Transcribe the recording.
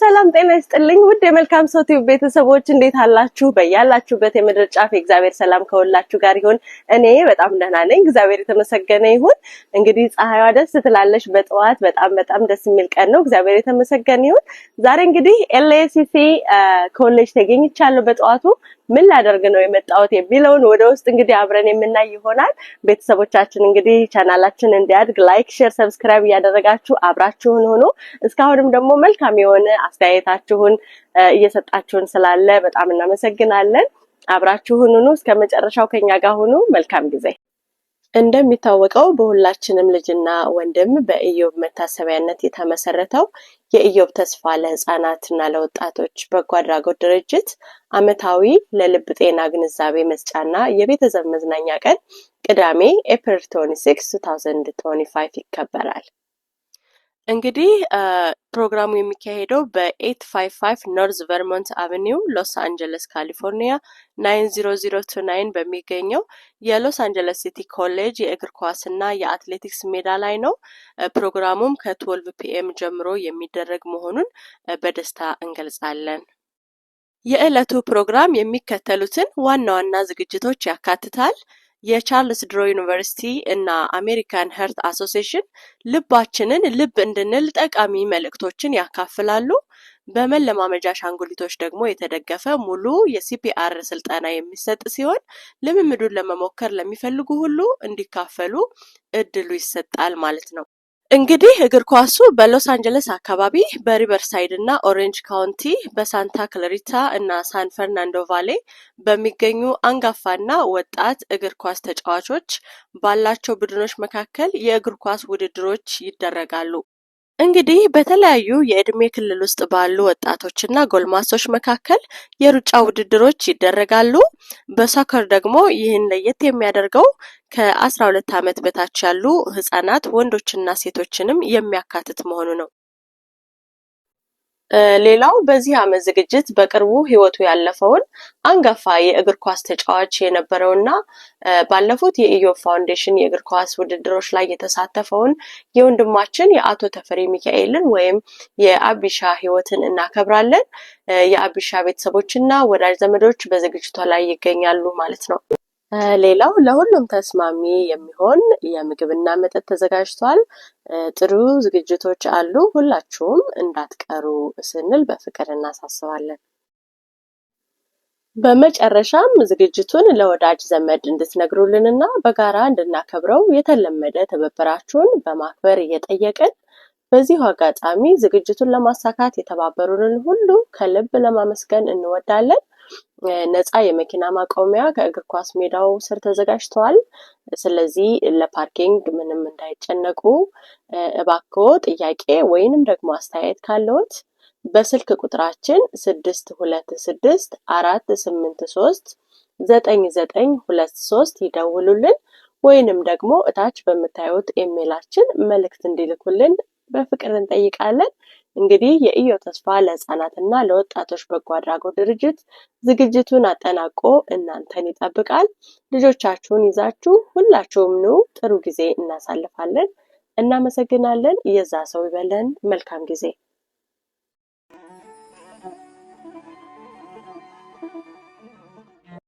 ሰላም ጤና ይስጥልኝ ውድ የመልካም ሰው ቲዩብ ቤተሰቦች እንዴት አላችሁ? በያላችሁበት የምድር ጫፍ የእግዚአብሔር ሰላም ከሁላችሁ ጋር ይሁን። እኔ በጣም ደህና ነኝ፣ እግዚአብሔር የተመሰገነ ይሁን። እንግዲህ ፀሐይዋ ደስ ትላለች በጠዋት በጣም በጣም ደስ የሚል ቀን ነው፣ እግዚአብሔር የተመሰገነ ይሁን። ዛሬ እንግዲህ ኤልኤሲሲ ኮሌጅ ተገኝቻለሁ በጠዋቱ ምን ላደርግ ነው የመጣሁት የሚለውን ወደ ውስጥ እንግዲህ አብረን የምናይ ይሆናል። ቤተሰቦቻችን እንግዲህ ቻናላችን እንዲያድግ ላይክ፣ ሼር፣ ሰብስክራይብ እያደረጋችሁ አብራችሁን ሆኖ እስካሁንም ደግሞ መልካም የሆነ አስተያየታችሁን እየሰጣችሁን ስላለ በጣም እናመሰግናለን። አብራችሁን ሁኑ እስከ መጨረሻው ከኛ ጋር ሁኑ። መልካም ጊዜ። እንደሚታወቀው በሁላችንም ልጅና ወንድም በኢዮብ መታሰቢያነት የተመሰረተው የኢዮብ ተስፋ ለህፃናትና ለወጣቶች በጎ አድራጎት ድርጅት አመታዊ ለልብ ጤና ግንዛቤ መስጫና የቤተሰብ መዝናኛ ቀን ቅዳሜ ኤፕሪል 26 2025 ይከበራል። እንግዲህ ፕሮግራሙ የሚካሄደው በ855 ኖርዝ ቨርሞንት አቨኒው ሎስ አንጀለስ ካሊፎርኒያ 90029 በሚገኘው የሎስ አንጀለስ ሲቲ ኮሌጅ የእግር ኳስና የአትሌቲክስ ሜዳ ላይ ነው። ፕሮግራሙም ከ12 ፒኤም ጀምሮ የሚደረግ መሆኑን በደስታ እንገልጻለን። የዕለቱ ፕሮግራም የሚከተሉትን ዋና ዋና ዝግጅቶች ያካትታል። የቻርልስ ድሮ ዩኒቨርሲቲ እና አሜሪካን ሄርት አሶሴሽን ልባችንን ልብ እንድንል ጠቃሚ መልእክቶችን ያካፍላሉ። በመለማመጃ አሻንጉሊቶች ደግሞ የተደገፈ ሙሉ የሲፒአር ስልጠና የሚሰጥ ሲሆን ልምምዱን ለመሞከር ለሚፈልጉ ሁሉ እንዲካፈሉ እድሉ ይሰጣል ማለት ነው። እንግዲህ እግር ኳሱ በሎስ አንጀለስ አካባቢ በሪቨርሳይድ እና ኦሬንጅ ካውንቲ በሳንታ ክለሪታ እና ሳን ፈርናንዶ ቫሌ በሚገኙ አንጋፋና ወጣት እግር ኳስ ተጫዋቾች ባላቸው ቡድኖች መካከል የእግር ኳስ ውድድሮች ይደረጋሉ። እንግዲህ በተለያዩ የእድሜ ክልል ውስጥ ባሉ ወጣቶችና ጎልማሶች መካከል የሩጫ ውድድሮች ይደረጋሉ። በሶከር ደግሞ ይህን ለየት የሚያደርገው ከአስራ ሁለት ዓመት በታች ያሉ ህጻናት ወንዶችና ሴቶችንም የሚያካትት መሆኑ ነው። ሌላው በዚህ ዓመት ዝግጅት በቅርቡ ህይወቱ ያለፈውን አንጋፋ የእግር ኳስ ተጫዋች የነበረውና ባለፉት የኢዮ ፋውንዴሽን የእግር ኳስ ውድድሮች ላይ የተሳተፈውን የወንድማችን የአቶ ተፈሪ ሚካኤልን ወይም የአቢሻ ህይወትን እናከብራለን። የአቢሻ ቤተሰቦችና ወዳጅ ዘመዶች በዝግጅቷ ላይ ይገኛሉ ማለት ነው። ሌላው ለሁሉም ተስማሚ የሚሆን የምግብና መጠጥ ተዘጋጅቷል። ጥሩ ዝግጅቶች አሉ። ሁላችሁም እንዳትቀሩ ስንል በፍቅር እናሳስባለን። በመጨረሻም ዝግጅቱን ለወዳጅ ዘመድ እንድትነግሩልንና በጋራ እንድናከብረው የተለመደ ትብብራችሁን በማክበር እየጠየቅን በዚሁ አጋጣሚ ዝግጅቱን ለማሳካት የተባበሩንን ሁሉ ከልብ ለማመስገን እንወዳለን። ነፃ የመኪና ማቆሚያ ከእግር ኳስ ሜዳው ስር ተዘጋጅተዋል። ስለዚህ ለፓርኪንግ ምንም እንዳይጨነቁ እባክዎ ጥያቄ ወይንም ደግሞ አስተያየት ካለዎት በስልክ ቁጥራችን ስድስት ሁለት ስድስት አራት ስምንት ሶስት ዘጠኝ ዘጠኝ ሁለት ሶስት ይደውሉልን ወይንም ደግሞ እታች በምታዩት ኢሜይላችን መልእክት እንዲልኩልን ፍቅር እንጠይቃለን። እንግዲህ የኢዮ ተስፋ ለህፃናትና ለወጣቶች በጎ አድራጎት ድርጅት ዝግጅቱን አጠናቆ እናንተን ይጠብቃል። ልጆቻችሁን ይዛችሁ ሁላችሁም ኑ፣ ጥሩ ጊዜ እናሳልፋለን። እናመሰግናለን። የዛ ሰው ይበለን። መልካም ጊዜ